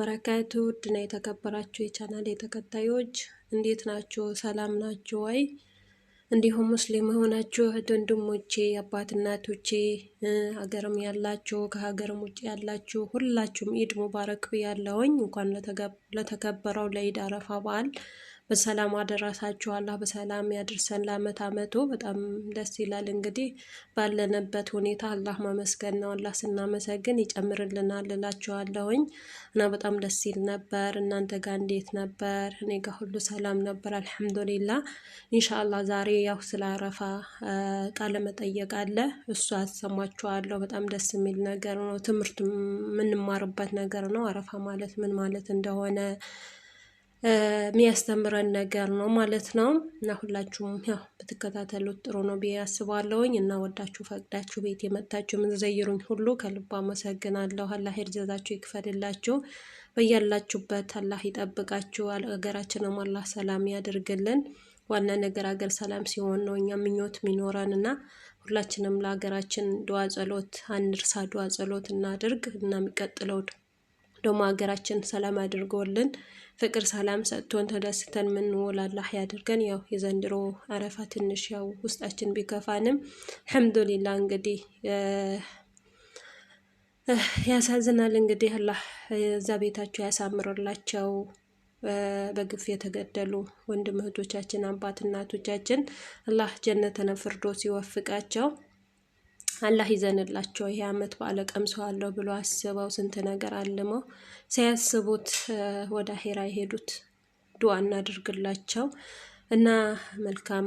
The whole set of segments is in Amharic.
ወበረካቱ ውድና የተከበራችሁ የቻናል የተከታዮች እንዴት ናችሁ? ሰላም ናችሁ ወይ? እንዲሁም ሙስሊም የሆናችሁ እህት ወንድሞቼ፣ አባት እናቶቼ፣ ሀገርም ያላችሁ ከሀገርም ውጭ ያላችሁ ሁላችሁም ኢድ ሙባረክ ብያለሁኝ። እንኳን ለተከበረው ለኢድ አረፋ በዓል በሰላም አደረሳችሁ። አላህ በሰላም ያድርሰን ለአመት አመቱ በጣም ደስ ይላል። እንግዲህ ባለንበት ሁኔታ አላህ ማመስገን ነው። አላህ ስናመሰግን ይጨምርልናል እላችኋለሁኝ እና በጣም ደስ ይል ነበር። እናንተ ጋር እንዴት ነበር? እኔ ጋር ሁሉ ሰላም ነበር አልሐምዱሊላ። ኢንሻአላህ ዛሬ ያው ስለ አረፋ ቃለ መጠየቅ አለ። እሱ አሰማችኋለሁ። በጣም ደስ የሚል ነገር ነው። ትምህርት የምንማርበት ነገር ነው። አረፋ ማለት ምን ማለት እንደሆነ የሚያስተምረን ነገር ነው ማለት ነው። እና ሁላችሁም ያው ብትከታተሉት ጥሩ ነው ብዬ አስባለሁኝ። እና ወዳችሁ ፈቅዳችሁ ቤት የመጣችሁ የምትዘይሩኝ ሁሉ ከልብ አመሰግናለሁ። አላህ ይርዘዛችሁ፣ ይክፈልላችሁ። በያላችሁበት አላህ ይጠብቃችሁ። አገራችንም አላህ ሰላም ያድርግልን። ዋና ነገር አገር ሰላም ሲሆን ነው እኛ ምኞት የሚኖረን እና ሁላችንም ለሀገራችን ድዋ ጸሎት አንርሳ፣ ድዋ ጸሎት እናድርግ እና የሚቀጥለው ደግሞ ሀገራችን ሰላም አድርጎልን ፍቅር ሰላም ሰጥቶን ተደስተን የምንውል አላህ ያድርገን። ያው የዘንድሮ አረፋ ትንሽ ያው ውስጣችን ቢከፋንም አልሐምዱሊላ እንግዲህ ያሳዝናል። እንግዲህ አላህ እዛ ቤታቸው ያሳምርላቸው። በግፍ የተገደሉ ወንድም እህቶቻችን፣ አባት እናቶቻችን አላህ ጀነተነ ፍርዶ ሲወፍቃቸው። አላህ ይዘንላቸው። ይሄ ዓመት በዓለ ቀምሰዋለሁ ብሎ አስበው ስንት ነገር አልመው ሲያስቡት ወደ አሄራ የሄዱት ዱዓ እናድርግላቸው እና መልካም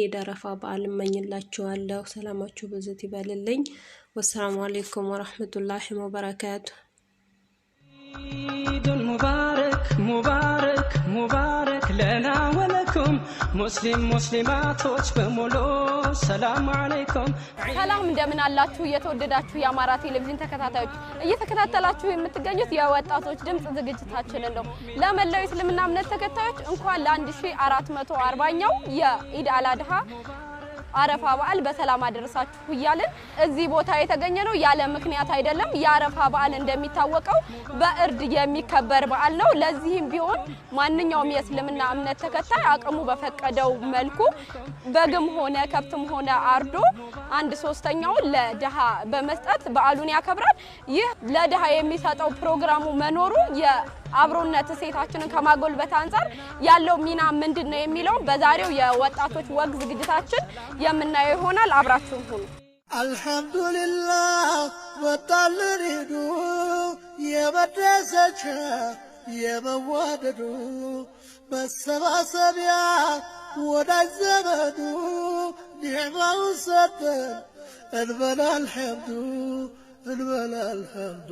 የደረፋ በዓል እመኝላችኋለሁ። ሰላማችሁ ብዝት ይበልልኝ። ወሰላሙ አሌይኩም ወረህመቱላሂ ወበረካቱ ሙባረክ ሙባረክ ሙባረክ ለና ሙስሊም ሙስሊማቶች በሙሉ ሰላም አለይኩም። ሰላም እንደምን አላችሁ? የተወደዳችሁ የአማራ ቴሌቪዥን ተከታታዮች እየተከታተላችሁ የምትገኙት የወጣቶች ድምፅ ዝግጅታችንን ነው። ለመላው እስልምና እምነት ተከታዮች እንኳን ለ1440ኛው የኢድ አል አድሃ አረፋ በዓል በሰላም አደረሳችሁ እያልን እዚህ ቦታ የተገኘ ነው ያለ ምክንያት አይደለም። የአረፋ በዓል እንደሚታወቀው በእርድ የሚከበር በዓል ነው። ለዚህም ቢሆን ማንኛውም የእስልምና እምነት ተከታይ አቅሙ በፈቀደው መልኩ በግም ሆነ ከብትም ሆነ አርዶ አንድ ሶስተኛውን ለድሃ በመስጠት በዓሉን ያከብራል። ይህ ለድሃ የሚሰጠው ፕሮግራሙ መኖሩ አብሮነት እሴታችንን ከማጎልበት አንጻር ያለው ሚና ምንድን ነው የሚለውን በዛሬው የወጣቶች ወግ ዝግጅታችን የምናየው ይሆናል። አብራችሁን ሁኑ። አልሐምዱሊላህ ወጣልን ሄዱ የመደሰቻ የመዋደዱ መሰባሰቢያ ወዳጅ ዘመዱ ኒዕማውን ሰጠን እንበላ አልሐምዱ እንበላ አልሐምዱ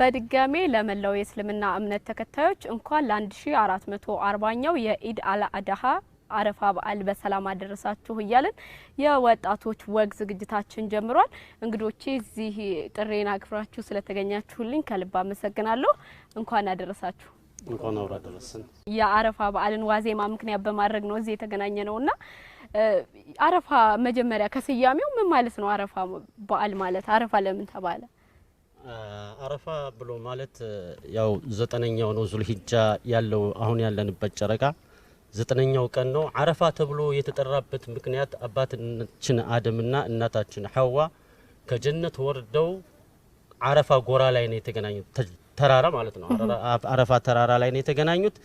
በድጋሜ ለመላው የእስልምና እምነት ተከታዮች እንኳን ለ1440ኛው የኢድ አልአድሃ አረፋ በዓል በሰላም አደረሳችሁ እያለን የወጣቶች ወግ ዝግጅታችን ጀምሯል። እንግዶቼ እዚህ ጥሬን አክብራችሁ ስለተገኛችሁልኝ ከልብ አመሰግናለሁ። እንኳን አደረሳችሁ። እንኳን አውራ ደረሰን። የአረፋ በዓልን ዋዜማ ምክንያት በማድረግ ነው እዚህ የተገናኘ እና አረፋ መጀመሪያ ከስያሜው ምን ማለት ነው? አረፋ በዓል ማለት አረፋ ለምን ተባለ? አረፋ ብሎ ማለት ያው ዘጠነኛው ነው ዙልሂጃ ያለው አሁን ያለንበት ጨረቃ ዘጠነኛው ቀን ነው። አረፋ ተብሎ የተጠራበት ምክንያት አባታችን አደምና እናታችን ሐዋ ከጀነት ወርደው አረፋ ጎራ ላይ ነው የተገናኙት። ተራራ ማለት ነው። አረፋ ተራራ ላይ ነው የተገናኙት።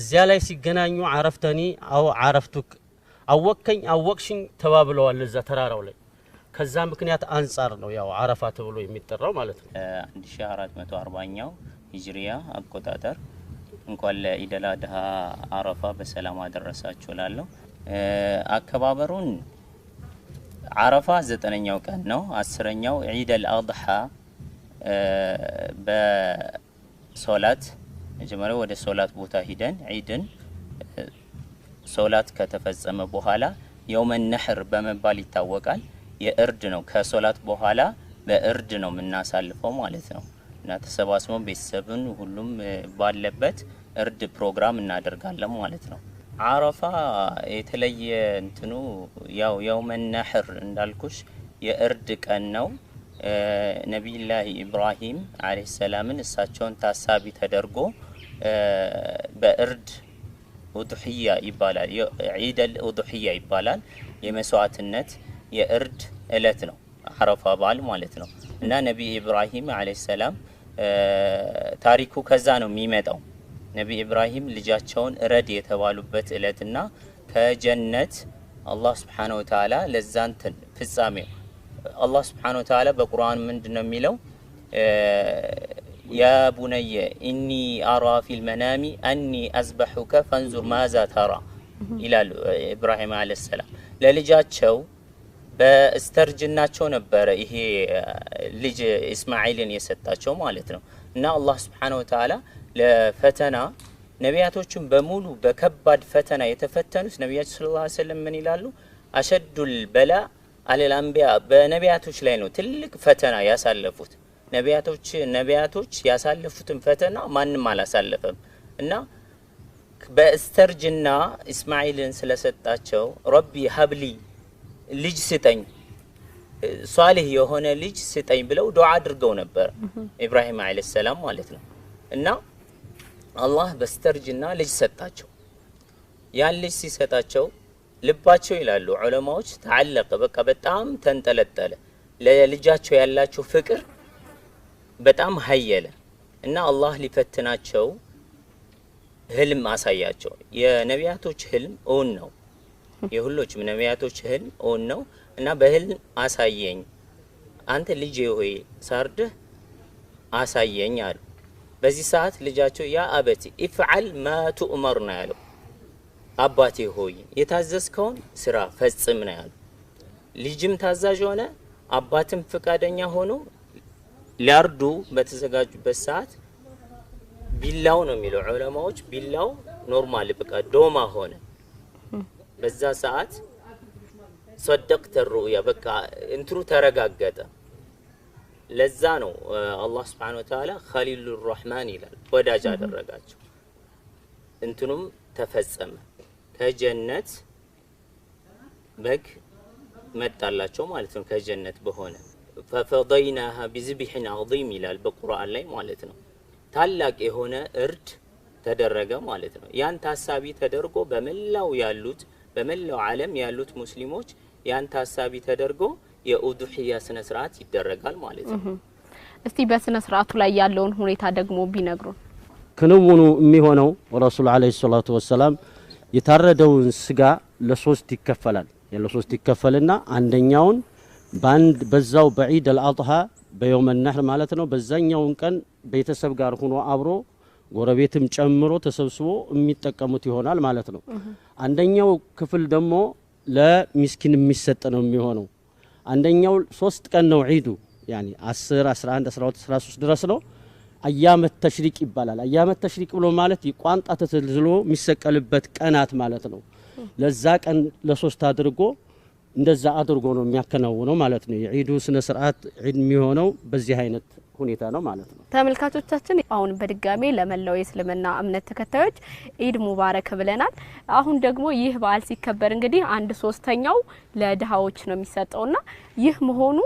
እዚያ ላይ ሲገናኙ አረፍተኒ አው አረፍቱክ አወቅከኝ፣ አወቅሽኝ ተባብለዋል እዛ ተራራው ላይ ከዛ ምክንያት አንጻር ነው ያው አረፋ ተብሎ የሚጠራው ማለት ነው። 1440ኛው ሂጅሪያ አቆጣጠር እንኳን ለኢደል አድሃ አረፋ በሰላም አደረሳችሁ ላለሁ። አከባበሩን አረፋ ዘጠነኛው ቀን ነው። አስረኛው ዒደል አድሃ በሶላት መጀመሪያ ወደ ሶላት ቦታ ሂደን ዒድን ሶላት ከተፈጸመ በኋላ የውመ ነሕር በመባል ይታወቃል። የእርድ ነው። ከሶላት በኋላ በእርድ ነው የምናሳልፈው ማለት ነው እና ተሰባስበው ቤተሰብን ሁሉም ባለበት እርድ ፕሮግራም እናደርጋለን ማለት ነው። አረፋ የተለየ እንትኑ ያው የውመን እንዳልኩሽ የእርድ ቀን ነው። ነቢይላህ ኢብራሂም አለይሂ ሰላምን እሳቸውን ታሳቢ ተደርጎ በእርድ ኡድሕያ ይባላል፣ ዒደል ኡድሕያ ይባላል የመስዋዕትነት የእርድ እለት ነው፣ አረፋ በዓል ማለት ነው እና ነቢይ ኢብራሂም ዓለይሂ ሰላም ታሪኩ ከዛ ነው የሚመጣው። ነቢይ ኢብራሂም ልጃቸውን እረድ የተባሉበት እለትና ከጀነት አላህ ስብሓነ ወተዓላ ለዛንትን ፍጻሜው አላህ ስብሓነ ወተዓላ በቁርአን ምንድን ነው የሚለው? ያ ቡነየ ኢኒ አራ ፊል መናሚ አኒ አዝበሑከ ፈንዙር ማዛ ተራ ይላሉ ኢብራሂም ዓለይሂ ሰላም ለልጃቸው በስተርጅናቸው ነበረ ይሄ ልጅ እስማኤልን የሰጣቸው ማለት ነው። እና አላህ ስብሓነ ወተዓላ ለፈተና ነቢያቶችን በሙሉ በከባድ ፈተና የተፈተኑት ነቢያችን ስለ ላ ሰለም ምን ይላሉ? አሸዱል በላ አለል አንቢያ በነቢያቶች ላይ ነው ትልቅ ፈተና ያሳለፉት። ነቢያቶች ነቢያቶች ያሳለፉትን ፈተና ማንም አላሳለፈም እና በእስተርጅና እስማኤልን ስለሰጣቸው ረቢ ሀብሊ ልጅ ስጠኝ ሷሊህ የሆነ ልጅ ስጠኝ ብለው ዱዓ አድርገው ነበር ኢብራሂም ዓለይሂ ሰላም ማለት ነው። እና አላህ በስተርጅና ልጅ ሰጣቸው። ያን ልጅ ሲሰጣቸው ልባቸው ይላሉ ዑለማዎች ተዓለቀ፣ በቃ በጣም ተንጠለጠለ። ለልጃቸው ያላቸው ፍቅር በጣም ሀየለ እና አላህ ሊፈትናቸው ህልም አሳያቸው። የነቢያቶች ህልም እውን ነው። የሁሎችም ነቢያቶች ህልም እውን ነው እና በህልም አሳየኝ። አንተ ልጄ ሆይ ሳርድህ አሳየኝ አሉ። በዚህ ሰዓት ልጃቸው ያ አበቲ ኢፍዓል ማ ቱእመር ነው ያለው። አባቴ ሆይ የታዘዝከውን ስራ ፈጽም ነው ያሉ። ልጅም ታዛዥ ሆነ፣ አባትም ፍቃደኛ ሆኖ ሊያርዱ በተዘጋጁበት ሰዓት ቢላው ነው የሚለው ዑለማዎች፣ ቢላው ኖርማል በቃ ዶማ ሆነ። በዛ ሰዓት ሰደቅተ ሩእያ በቃ እንትኑ ተረጋገጠ። ለዛ ነው አላህ ስብሐነ ወተዓላ ኸሊሉ ረሕማን ይላል፣ ወዳጅ አደረጋቸው። እንትኑም ተፈጸመ። ከጀነት በግ መጣላቸው ማለት ነው። ከጀነት በሆነ ፈፈደይናሃ ቢዝብሕን ዐዚም ይላል በቁርአን ላይ ማለት ነው። ታላቅ የሆነ እርድ ተደረገ ማለት ነው። ያን ታሳቢ ተደርጎ በመላው ያሉት በመላው ዓለም ያሉት ሙስሊሞች ያን ታሳቢ ተደርጎ የኡዱህያ ስነ ስርዓት ይደረጋል ማለት ነው። እስቲ በስነ ስርዓቱ ላይ ያለውን ሁኔታ ደግሞ ቢነግሩን። ክንውኑ የሚሆነው ረሱል አለይሂ ሰላቱ ወሰላም የታረደውን ስጋ ለሶስት ይከፈላል። ለሶስት ይከፈልና አንደኛውን በአንድ በዛው በዒድ አልአጥሃ በየውመ ነህር ማለት ነው። በዛኛውን ቀን ቤተሰብ ጋር ሆኖ አብሮ ጎረቤትም ጨምሮ ተሰብስቦ የሚጠቀሙት ይሆናል ማለት ነው። አንደኛው ክፍል ደግሞ ለሚስኪን የሚሰጥ ነው የሚሆነው። አንደኛው ሶስት ቀን ነው ዒዱ ያኒ 10፣ 11፣ 12፣ 13 ድረስ ነው። አያመት ተሽሪቅ ይባላል። አያመት ተሽሪቅ ብሎ ማለት ቋንጣ ተዘልዝሎ የሚሰቀልበት ቀናት ማለት ነው። ለዛ ቀን ለሶስት አድርጎ እንደዛ አድርጎ ነው የሚያከናውነው ማለት ነው። የዒዱ ስነ ስርዓት ዒድ የሚሆነው በዚህ አይነት ሁኔታ ነው ማለት ነው። ተመልካቾቻችን አሁን በድጋሜ ለመላው የእስልምና እምነት ተከታዮች ኢድ ሙባረክ ብለናል። አሁን ደግሞ ይህ በዓል ሲከበር እንግዲህ አንድ ሶስተኛው ለድሃዎች ነው የሚሰጠውና ይህ መሆኑ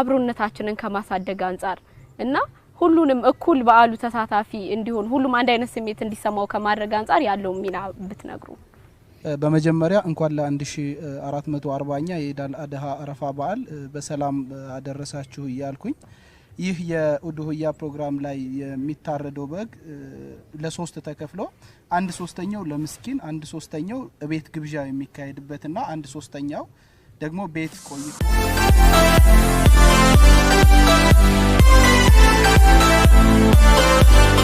አብሮነታችንን ከማሳደግ አንጻር እና ሁሉንም እኩል በዓሉ ተሳታፊ እንዲሆን ሁሉም አንድ አይነት ስሜት እንዲሰማው ከማድረግ አንጻር ያለው ሚና ብትነግሩ በመጀመሪያ እንኳን ሺ አራት ኛ አርባኛ አል አድሃ አረፋ በዓል በሰላም አደረሳችሁ እያልኩኝ ይህ የኡድሁያ ፕሮግራም ላይ የሚታረደው በግ ለሶስት ተከፍሎ አንድ ሶስተኛው ለምስኪን፣ አንድ ሶስተኛው ቤት ግብዣ የሚካሄድበትና አንድ ሶስተኛው ደግሞ ቤት ቆይቶ